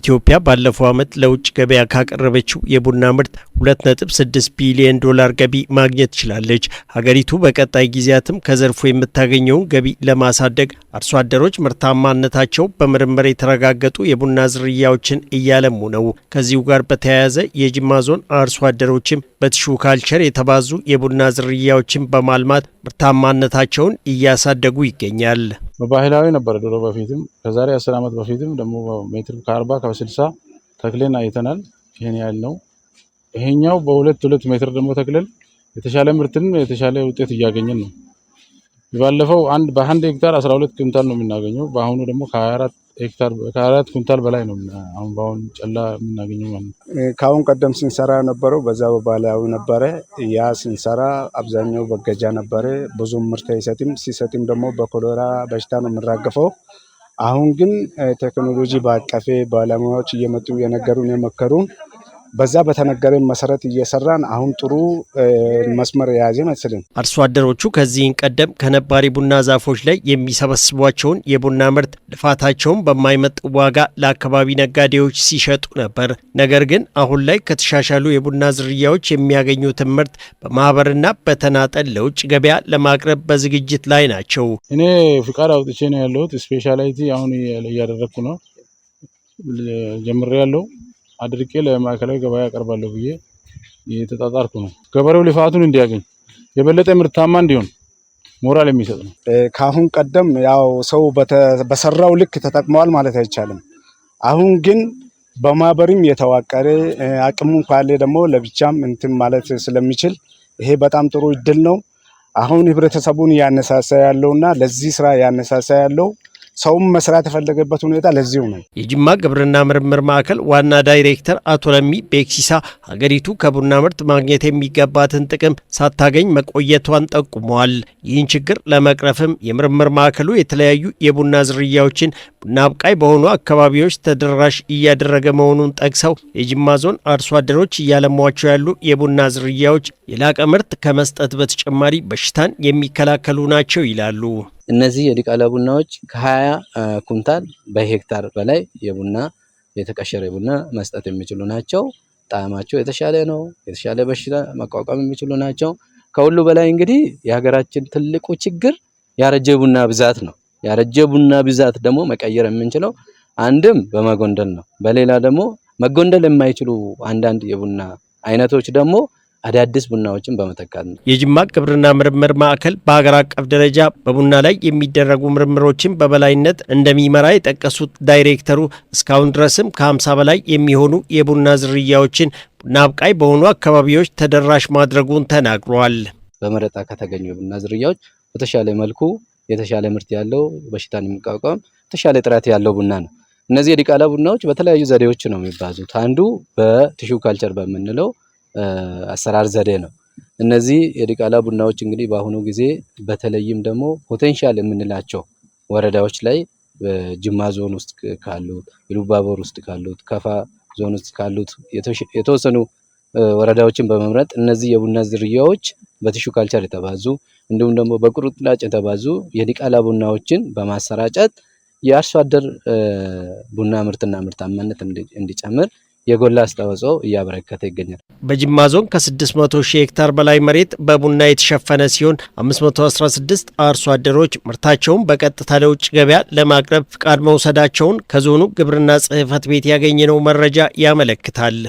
ኢትዮጵያ ባለፈው ዓመት ለውጭ ገበያ ካቀረበችው የቡና ምርት 2.6 ቢሊዮን ዶላር ገቢ ማግኘት ችላለች። ሀገሪቱ በቀጣይ ጊዜያትም ከዘርፉ የምታገኘውን ገቢ ለማሳደግ አርሶ አደሮች ምርታማነታቸው በምርምር የተረጋገጡ የቡና ዝርያዎችን እያለሙ ነው። ከዚሁ ጋር በተያያዘ የጅማ ዞን አርሶ አደሮችም በትሹ ካልቸር የተባዙ የቡና ዝርያዎችን በማልማት ምርታማነታቸውን እያሳደጉ ይገኛል። በባህላዊ ነበር ድሮ በፊትም ከዛሬ አስር ዓመት በፊትም ደግሞ ሜትር ከአርባ ከስልሳ ተክልን አይተናል። ይህን ያህል ነው። ይሄኛው በሁለት ሁለት ሜትር ደግሞ ተክለን የተሻለ ምርትን የተሻለ ውጤት እያገኘን ነው። ባለፈው በአንድ ሄክታር 12 ኩንታል ነው የምናገኘው። በአሁኑ ደግሞ ከ24 ሄክታር ከአራት ኩንታል በላይ ነው አሁን በአሁን ጨላ የምናገኘው ማለት ነው። ከአሁን ቀደም ስንሰራ ነበረው በዛ በባህላዊ ነበረ። ያ ስንሰራ አብዛኛው በገጃ ነበረ፣ ብዙም ምርት አይሰጥም። ሲሰጥም ደግሞ በኮሌራ በሽታ ነው የምራገፈው። አሁን ግን ቴክኖሎጂ በአቀፌ ባለሙያዎች እየመጡ የነገሩን የመከሩን በዛ በተነገረን መሰረት እየሰራን አሁን ጥሩ መስመር የያዘ መስልን። አርሶ አደሮቹ ከዚህን ቀደም ከነባሪ ቡና ዛፎች ላይ የሚሰበስቧቸውን የቡና ምርት ልፋታቸውን በማይመጥ ዋጋ ለአካባቢ ነጋዴዎች ሲሸጡ ነበር። ነገር ግን አሁን ላይ ከተሻሻሉ የቡና ዝርያዎች የሚያገኙትን ምርት በማህበርና በተናጠል ለውጭ ገበያ ለማቅረብ በዝግጅት ላይ ናቸው። እኔ ፍቃድ አውጥቼ ነው ያለሁት። ስፔሻላይቲ አሁን እያደረግኩ ነው ጀምሬ ያለው አድርቄ ለማዕከላዊ ገበያ ያቀርባለሁ ብዬ የተጣጣርኩ ነው። ገበሬው ልፋቱን እንዲያገኝ የበለጠ ምርታማ እንዲሆን ሞራል የሚሰጥ ነው። ከአሁን ቀደም ያው ሰው በሰራው ልክ ተጠቅመዋል ማለት አይቻልም። አሁን ግን በማህበርም የተዋቀረ አቅሙ ካለ ደግሞ ለብቻም እንትን ማለት ስለሚችል ይሄ በጣም ጥሩ እድል ነው። አሁን ህብረተሰቡን እያነሳሳ ያለውና ለዚህ ስራ እያነሳሳ ያለው ሰውም መስራት የፈለገበት ሁኔታ ለዚሁ ነው። የጅማ ግብርና ምርምር ማዕከል ዋና ዳይሬክተር አቶ ለሚ ቤክሲሳ ሀገሪቱ ከቡና ምርት ማግኘት የሚገባትን ጥቅም ሳታገኝ መቆየቷን ጠቁመዋል። ይህን ችግር ለመቅረፍም የምርምር ማዕከሉ የተለያዩ የቡና ዝርያዎችን ቡና አብቃይ በሆኑ አካባቢዎች ተደራሽ እያደረገ መሆኑን ጠቅሰው የጅማ ዞን አርሶ አደሮች እያለሟቸው ያሉ የቡና ዝርያዎች የላቀ ምርት ከመስጠት በተጨማሪ በሽታን የሚከላከሉ ናቸው ይላሉ። እነዚህ የዲቃላ ቡናዎች ከሀያ ኩንታል በሄክታር በላይ የቡና የተቀሸረ ቡና መስጠት የሚችሉ ናቸው። ጣዕማቸው የተሻለ ነው። የተሻለ በሽታ መቋቋም የሚችሉ ናቸው። ከሁሉ በላይ እንግዲህ የሀገራችን ትልቁ ችግር ያረጀ ቡና ብዛት ነው። ያረጀ ቡና ብዛት ደግሞ መቀየር የምንችለው አንድም በመጎንደል ነው። በሌላ ደግሞ መጎንደል የማይችሉ አንዳንድ የቡና አይነቶች ደግሞ አዳዲስ ቡናዎችን በመተካት ነው። የጅማ ግብርና ምርምር ማዕከል በሀገር አቀፍ ደረጃ በቡና ላይ የሚደረጉ ምርምሮችን በበላይነት እንደሚመራ የጠቀሱት ዳይሬክተሩ እስካሁን ድረስም ከ50 በላይ የሚሆኑ የቡና ዝርያዎችን ቡና አብቃይ በሆኑ አካባቢዎች ተደራሽ ማድረጉን ተናግሯል። በመረጣ ከተገኙ የቡና ዝርያዎች በተሻለ መልኩ የተሻለ ምርት ያለው በሽታን የሚቋቋም የተሻለ ጥራት ያለው ቡና ነው። እነዚህ የዲቃላ ቡናዎች በተለያዩ ዘዴዎች ነው የሚባዙት። አንዱ በቲሹ ካልቸር በምንለው አሰራር ዘዴ ነው። እነዚህ የዲቃላ ቡናዎች እንግዲህ በአሁኑ ጊዜ በተለይም ደግሞ ፖቴንሻል የምንላቸው ወረዳዎች ላይ ጅማ ዞን ውስጥ ካሉት፣ ኢሉባቦር ውስጥ ካሉት፣ ከፋ ዞን ውስጥ ካሉት የተወሰኑ ወረዳዎችን በመምረጥ እነዚህ የቡና ዝርያዎች በቲሹ ካልቸር የተባዙ እንዲሁም ደግሞ በቁርጥላጭ የተባዙ የዲቃላ ቡናዎችን በማሰራጨት የአርሶ አደር ቡና ምርትና ምርታማነት እንዲጨምር የጎላ አስተዋጽኦ እያበረከተ ይገኛል። በጅማ ዞን ከ600 ሺህ ሄክታር በላይ መሬት በቡና የተሸፈነ ሲሆን 516 አርሶ አደሮች ምርታቸውን በቀጥታ ለውጭ ገበያ ለማቅረብ ፍቃድ መውሰዳቸውን ከዞኑ ግብርና ጽሕፈት ቤት ያገኘነው መረጃ ያመለክታል።